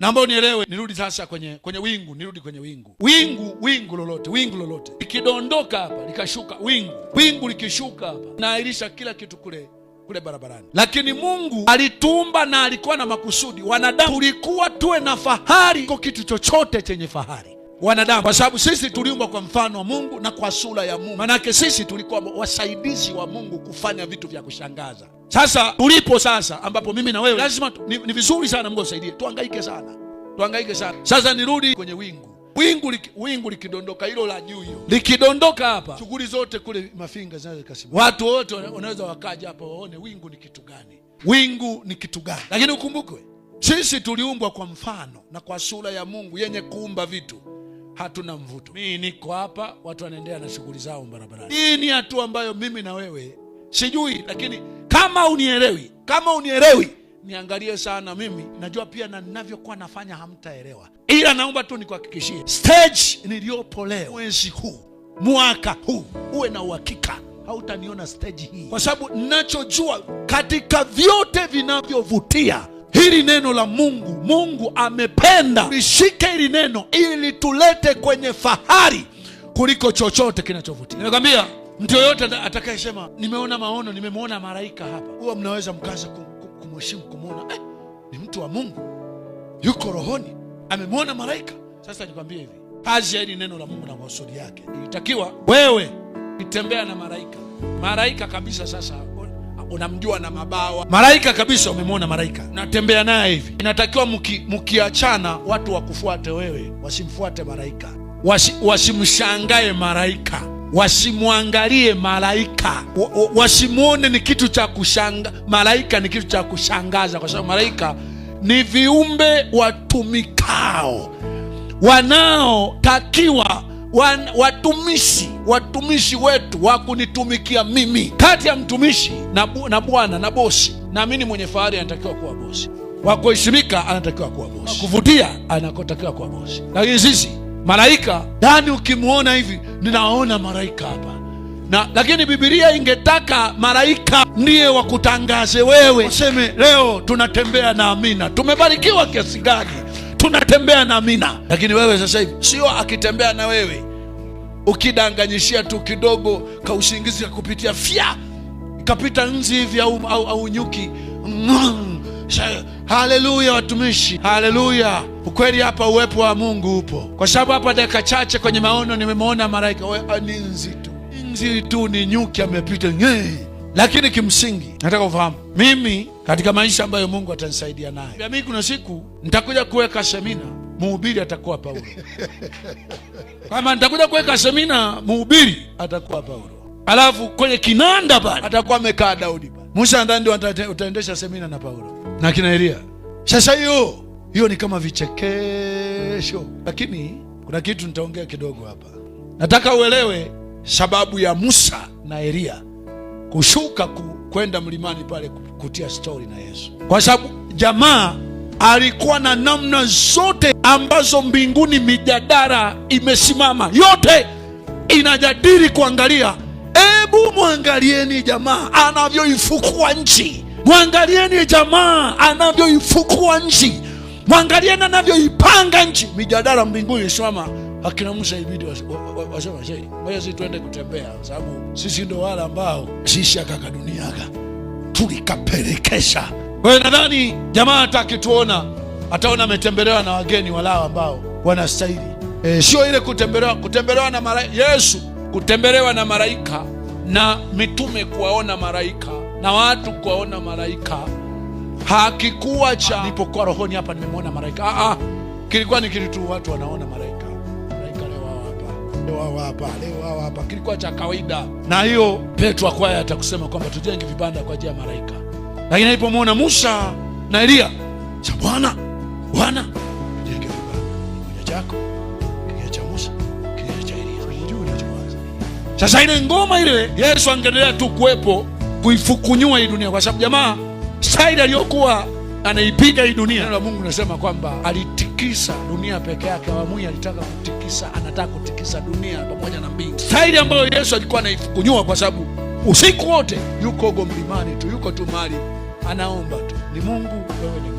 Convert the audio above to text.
Naomba unielewe, nirudi sasa kwenye kwenye wingu, nirudi kwenye wingu, wingu wingu lolote, wingu lolote likidondoka hapa likashuka, wingu wingu likishuka hapa, naahirisha kila kitu kule kule barabarani. Lakini Mungu alituumba na alikuwa na makusudi. Wanadamu tulikuwa tuwe na fahari kwa kitu chochote chenye fahari wanadamu kwa sababu sisi tuliumbwa kwa mfano wa Mungu na kwa sura ya Mungu. Manake sisi tulikuwa wasaidizi wa Mungu kufanya vitu vya kushangaza. Sasa tulipo sasa, ambapo mimi na wewe lazima ni, ni vizuri sana, Mungu asaidie, tuangaike sana, tuangaike sana. Sasa nirudi kwenye wingu wingu liki, wingu likidondoka hilo la juu hiyo likidondoka hapa, shughuli zote kule Mafinga zinaweza zikasimama. Watu wote wanaweza wakaja hapa waone wingu ni kitu gani, wingu ni kitu gani. Lakini ukumbukwe sisi tuliumbwa kwa mfano na kwa sura ya Mungu yenye kuumba vitu, hatuna mvuto. Mimi niko hapa, watu wanaendelea na shughuli zao barabarani. Hii ni hatua ambayo mimi na wewe sijui, lakini kama unielewi, kama unielewi, niangalie sana mimi. Najua pia na ninavyokuwa nafanya hamtaelewa, ila naomba tu nikuhakikishie stage niliyopo leo, mwezi huu, mwaka huu, uwe na uhakika hautaniona stage hii, kwa sababu ninachojua katika vyote vinavyovutia hili neno la Mungu. Mungu amependa lishike hili neno ili tulete kwenye fahari kuliko chochote kinachovutia. Nimekwambia. Mtu yoyote atakayesema nimeona maono, nimemwona malaika hapa, huwa mnaweza mkaanza kumheshimu, kumwona eh, ni mtu wa Mungu, yuko rohoni, amemwona malaika. Sasa nikwambie hivi, kazi ya hili neno la Mungu na mausudi yake, ilitakiwa wewe kitembea na malaika, malaika kabisa. Sasa unamjua na mabawa, malaika kabisa, umemwona malaika, natembea naye hivi. Inatakiwa mkiachana, muki watu wakufuate wewe, wasimfuate malaika, wasimshangae malaika wasimwangalie malaika, wasimwone ni kitu cha kushanga. Malaika ni kitu cha kushangaza, kwa sababu malaika ni viumbe watumikao, wanaotakiwa wan, watumishi watumishi wetu wa kunitumikia mimi. Kati ya mtumishi na bwana na bosi, naamini mwenye fahari anatakiwa kuwa bosi, wa kuheshimika anatakiwa kuwa bosi, kuvutia anatakiwa kuwa bosi, lakini sisi malaika yani, ukimwona hivi ninaona malaika hapa na, lakini bibilia ingetaka malaika ndiye wakutangaze wewe, useme leo tunatembea na Amina, tumebarikiwa kiasi gani, tunatembea na Amina. Lakini wewe sasa hivi sio akitembea na wewe, ukidanganyishia tu kidogo, kausingizi kupitia fya ikapita nzi hivi au, au, au nyuki Ng Haleluya watumishi, haleluya. Ukweli hapa uwepo wa Mungu upo, kwa sababu hapa dakika chache kwenye maono nimemwona malaika ah, ni nzi nzitu ni nyuki amepita. Lakini kimsingi nataka ufahamu mimi katika maisha ambayo Mungu atanisaidia naye mimi kuna siku nitakuja kuweka semina, muubiri atakuwa Paulo. Kama nitakuja kuweka semina, muubiri atakuwa Paulo, alafu kwenye kinanda pale atakuwa amekaa Daudi. Musa ndani ndio utaendesha semina na Paulo na kina Elia. Sasa hiyo hiyo ni kama vichekesho, lakini kuna kitu nitaongea kidogo hapa. Nataka uelewe sababu ya Musa na Elia kushuka ku, kwenda mlimani pale kutia stori na Yesu, kwa sababu jamaa alikuwa na namna zote ambazo mbinguni mijadala imesimama, yote inajadili kuangalia, ebu mwangalieni jamaa anavyoifukua nchi Mwangalieni jamaa anavyoifukua nchi, mwangalieni anavyoipanga nchi. Mijadala mbinguni isimama, akina Musa ibidi wasema shei moja, sisi tuende kutembea, sababu sisi ndo wale ambao sisi akaka duniaka tulikapelekesha. Kwa hiyo nadhani jamaa hata akituona ataona ametembelewa na wageni walao ambao wanastahili e, sio ile kutembelewa, kutembelewa na malaika Yesu, kutembelewa na malaika na mitume kuwaona malaika na watu kuwaona malaika hakikuwa cha nilipokuwa rohoni hapa nimemwona malaika. Ah, ah, kilikuwa ni kitu tu, watu wanaona malaika. Malaika leo wao hapa, leo wao hapa, leo wao hapa, kilikuwa cha kawaida. Na hiyo Petro akwaya atakusema kwamba tujenge vibanda kwa ajili ya malaika, lakini alipomwona Musa na elia cha Bwana, Bwana jenge vibanda kimoja chako kingine cha Musa kingine cha Eliya. Sasa ile ngoma ile Yesu angeendelea tu kuwepo kuifukunyua hii dunia, kwa sababu jamaa saidi aliyokuwa anaipiga hii dunia. Neno la Mungu nasema kwamba alitikisa dunia peke yake, awamui alitaka kutikisa, anataka kutikisa dunia pamoja na mbingu, saidi ambayo Yesu alikuwa anaifukunyua, kwa sababu usiku wote yuko huko mlimani tu, yuko tu mali anaomba tu, ni Mungu wewe